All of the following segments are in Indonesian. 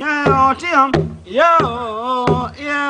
Yeah, Tim, Yeah, yeah.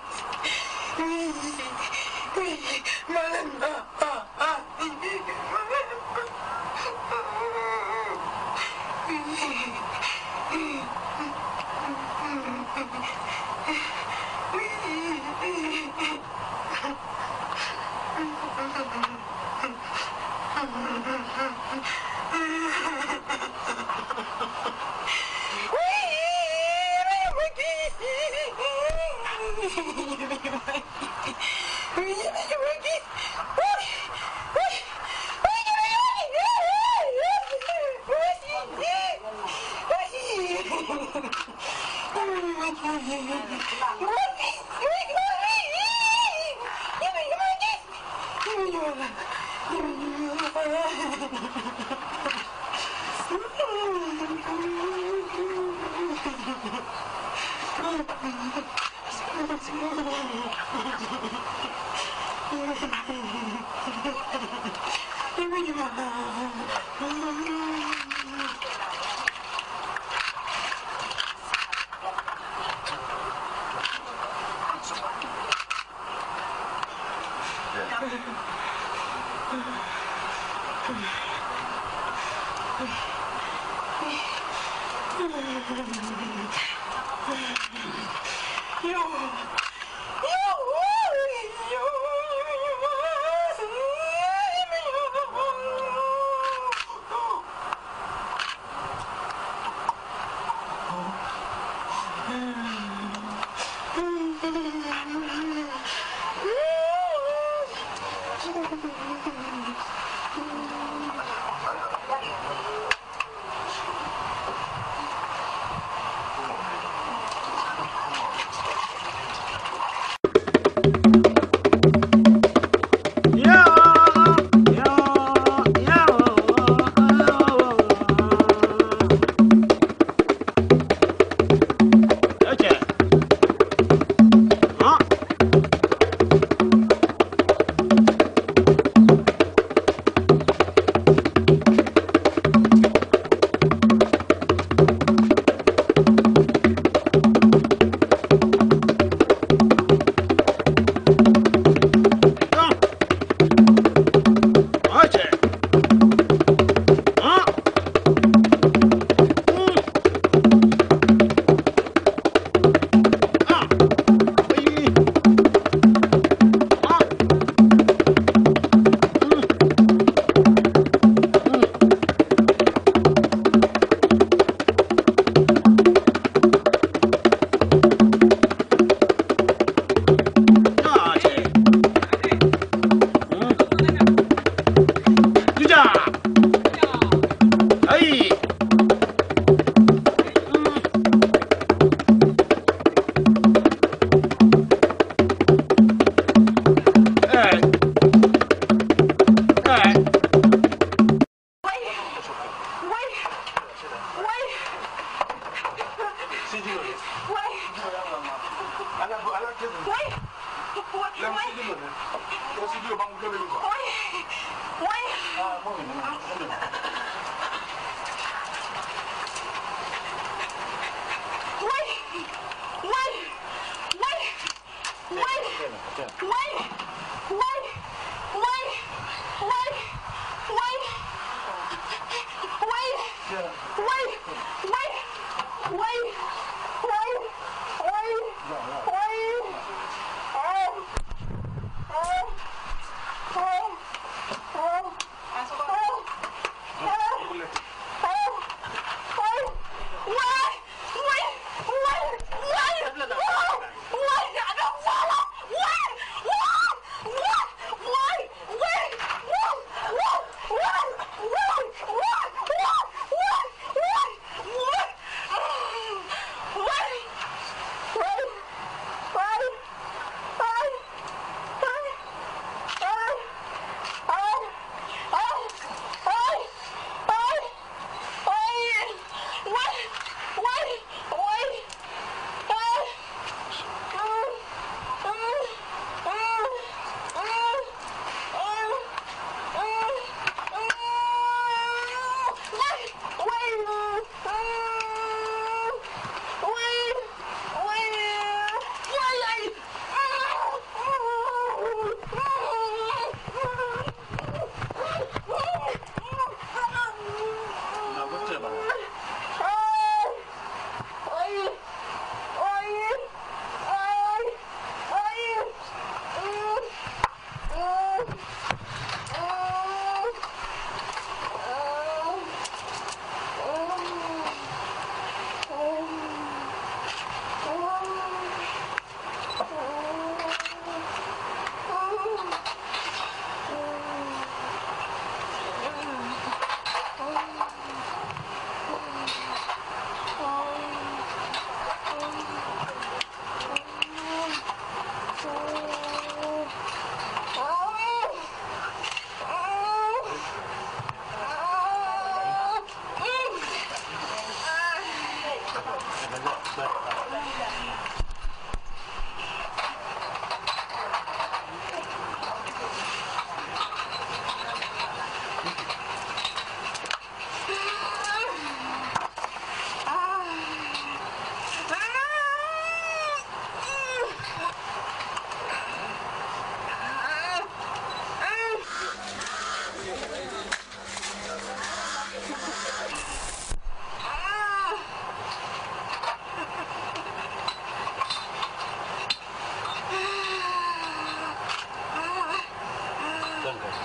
なんだよ。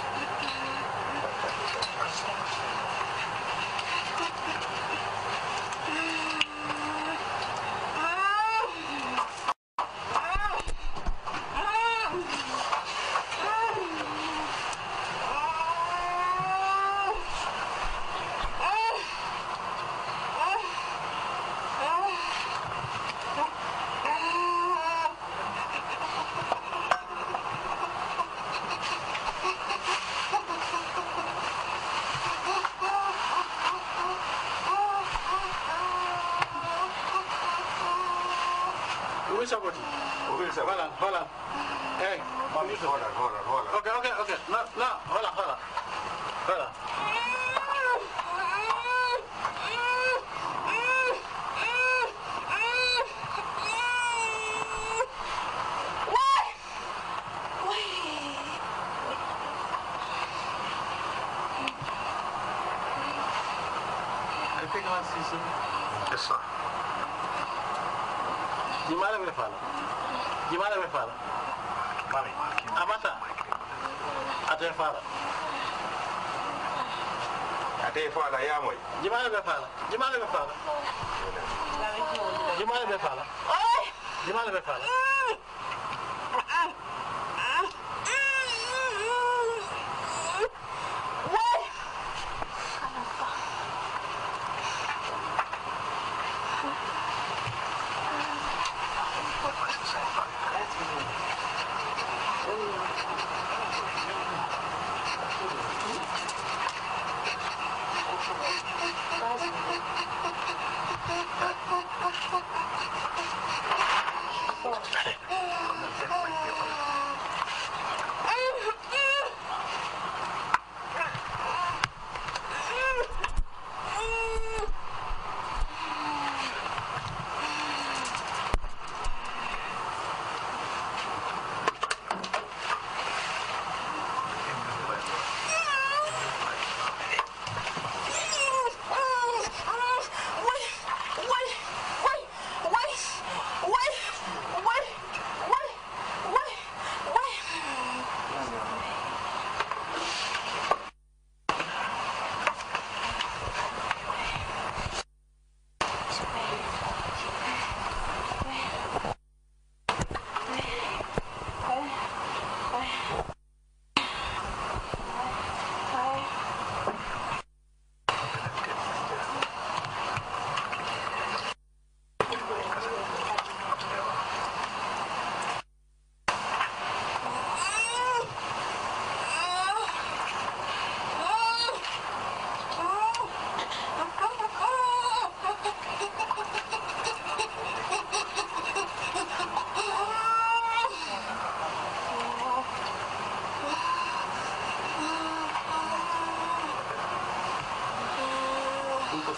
look at, look e faala yamoy jumale ɓe faala jumale ɓe faala jumale ɓe faala jumale ɓe faala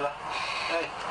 来，哎。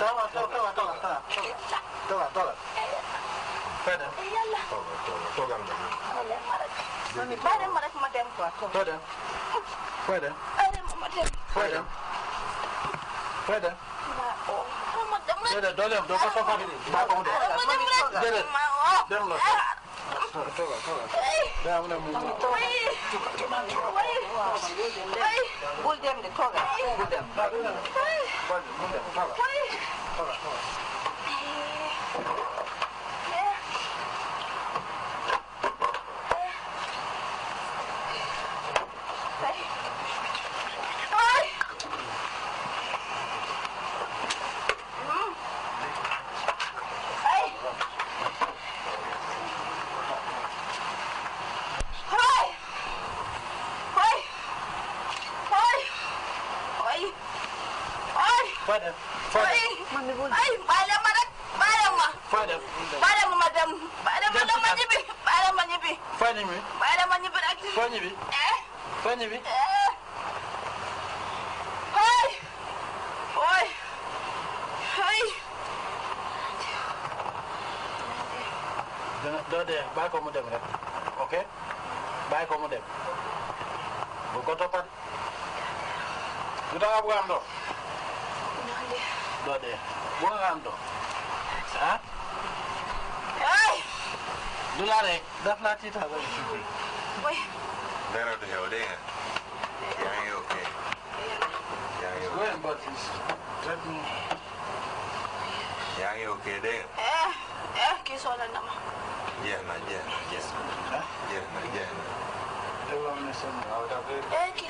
طبعا طبعا طبعا طبعا طبعا طبعا Fadam. yàlla. toogal toogal toogal nga. mami baa dem ma rek ma dem quoi. Fadam. Fadam. Fadam ma dem. Fadam. Fadam. ma dem rek. déedéet doo dem doo ko soxla bi de. maa ko de. déedéet dem la. toogal toogal. daa am na mu. bul dem de toogal. bul dem. bul dem toogal. hold on, hold on. hivi. Fanya hivi. Baada mwenye birati. Fanya hivi. Eh? Fanya hivi. Eh. Hai. Oi. Hai. Dode, ba ko mu dem rek. OK? Ba ko mu dem. Bu ko topat. Du da nga bëgg am do. Dode. Dode. Bu nga am do. Dulare, dafla ti ta zai shi ke. Better to hell then. Yeah, you okay. Yeah, you okay. but it's Yeah, you okay then. Eh, eh, kiss all nama. Yeah, na, yeah, na, yeah. Yeah, na, yeah. Eh, kiss.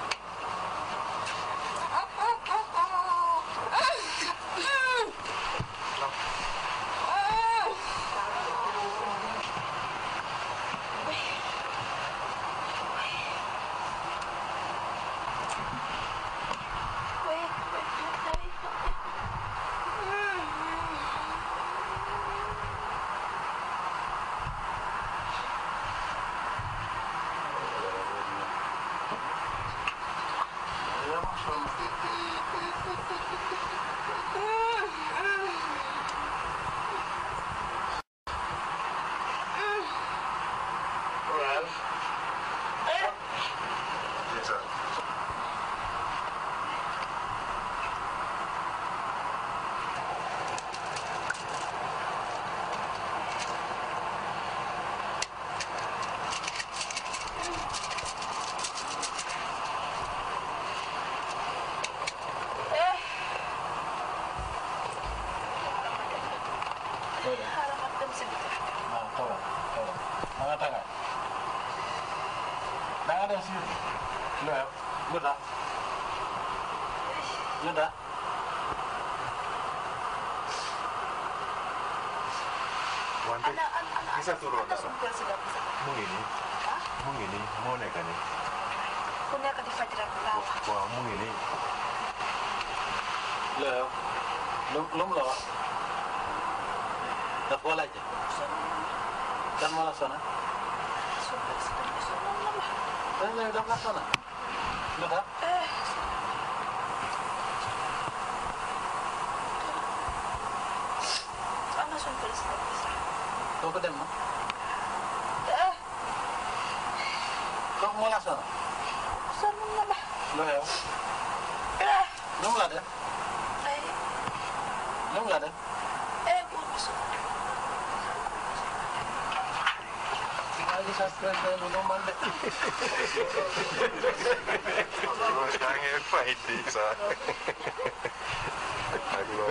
Ну bisa turun bisa. Mungkin ini, mungkin ini, mau naik kan ini. Punya ke di Fajar Wah, mungkin ini. Lo, lo, lo melawa. Tak boleh aja. Dan malah sana. Sudah, sudah, sudah, sudah, sudah, sudah, sudah, sudah, sudah, sudah, doo ko dem ma. kooku moo laa sonal. sonal na la. loolu yow. nu ay. ay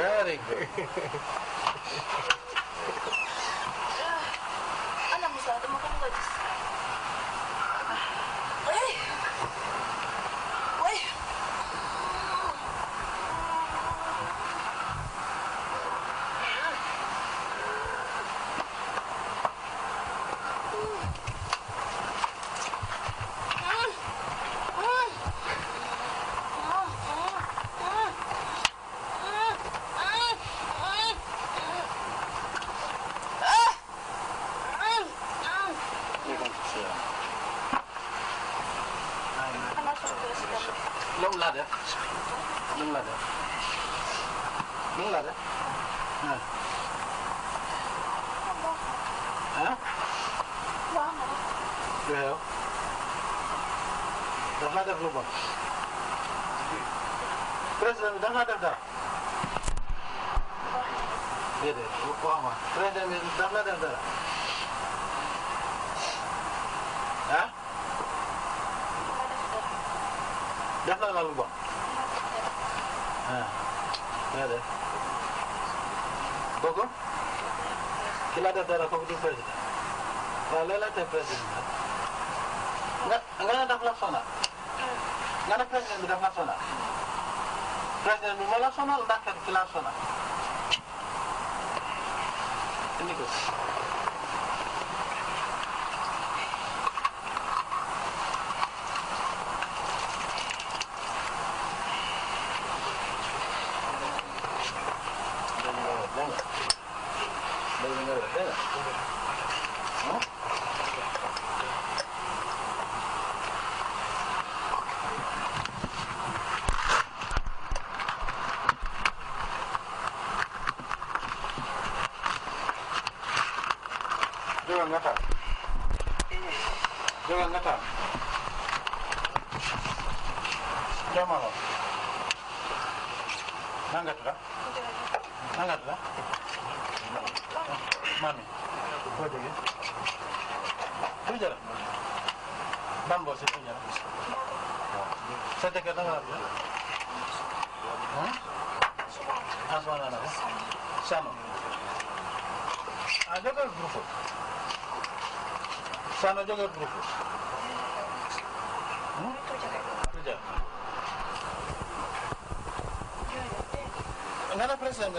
very good. Bangladesh. Bangladesh. Bangladesh. No. Huh? 왜요? 나가다 불러봐. 그래서 나가다. 네네, 고마워. 그래서 나가다. دخل على البحر ها هذا بقول كلا ده ترى فوق الفرد فلا لا تفرد nggak ada pelaksana nggak ada presiden sudah pelaksana presiden belum pelaksana ledakan pelaksana ini kus mami koje je tuđera bambo se tuđera sad te kada nam azvana na samo a jogar grupo sano jogar grupo tuđera Nana presa mi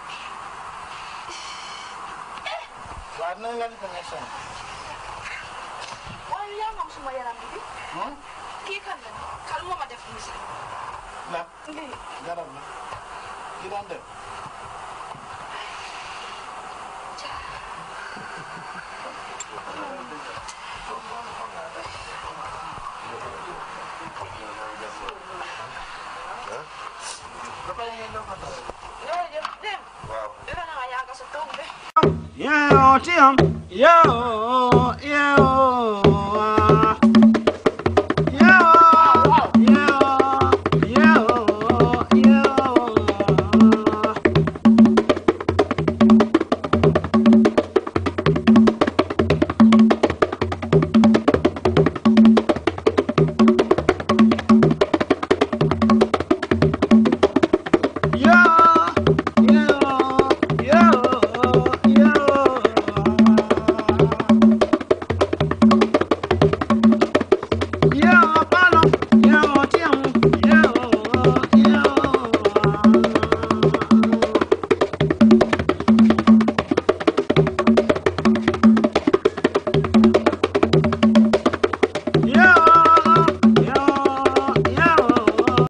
Lanangan connection. Wala iya, yan ang sumayaran bibi. Hmm? Kikan na. Kalmo ma def Na. Ngi. Garam na. Gidan de. Kapag hindi lang ka tayo. Hindi, hindi. Wow. Ito na nga yan sa tubig. yeah, oh, Tim, yeah, oh, yeah, oh.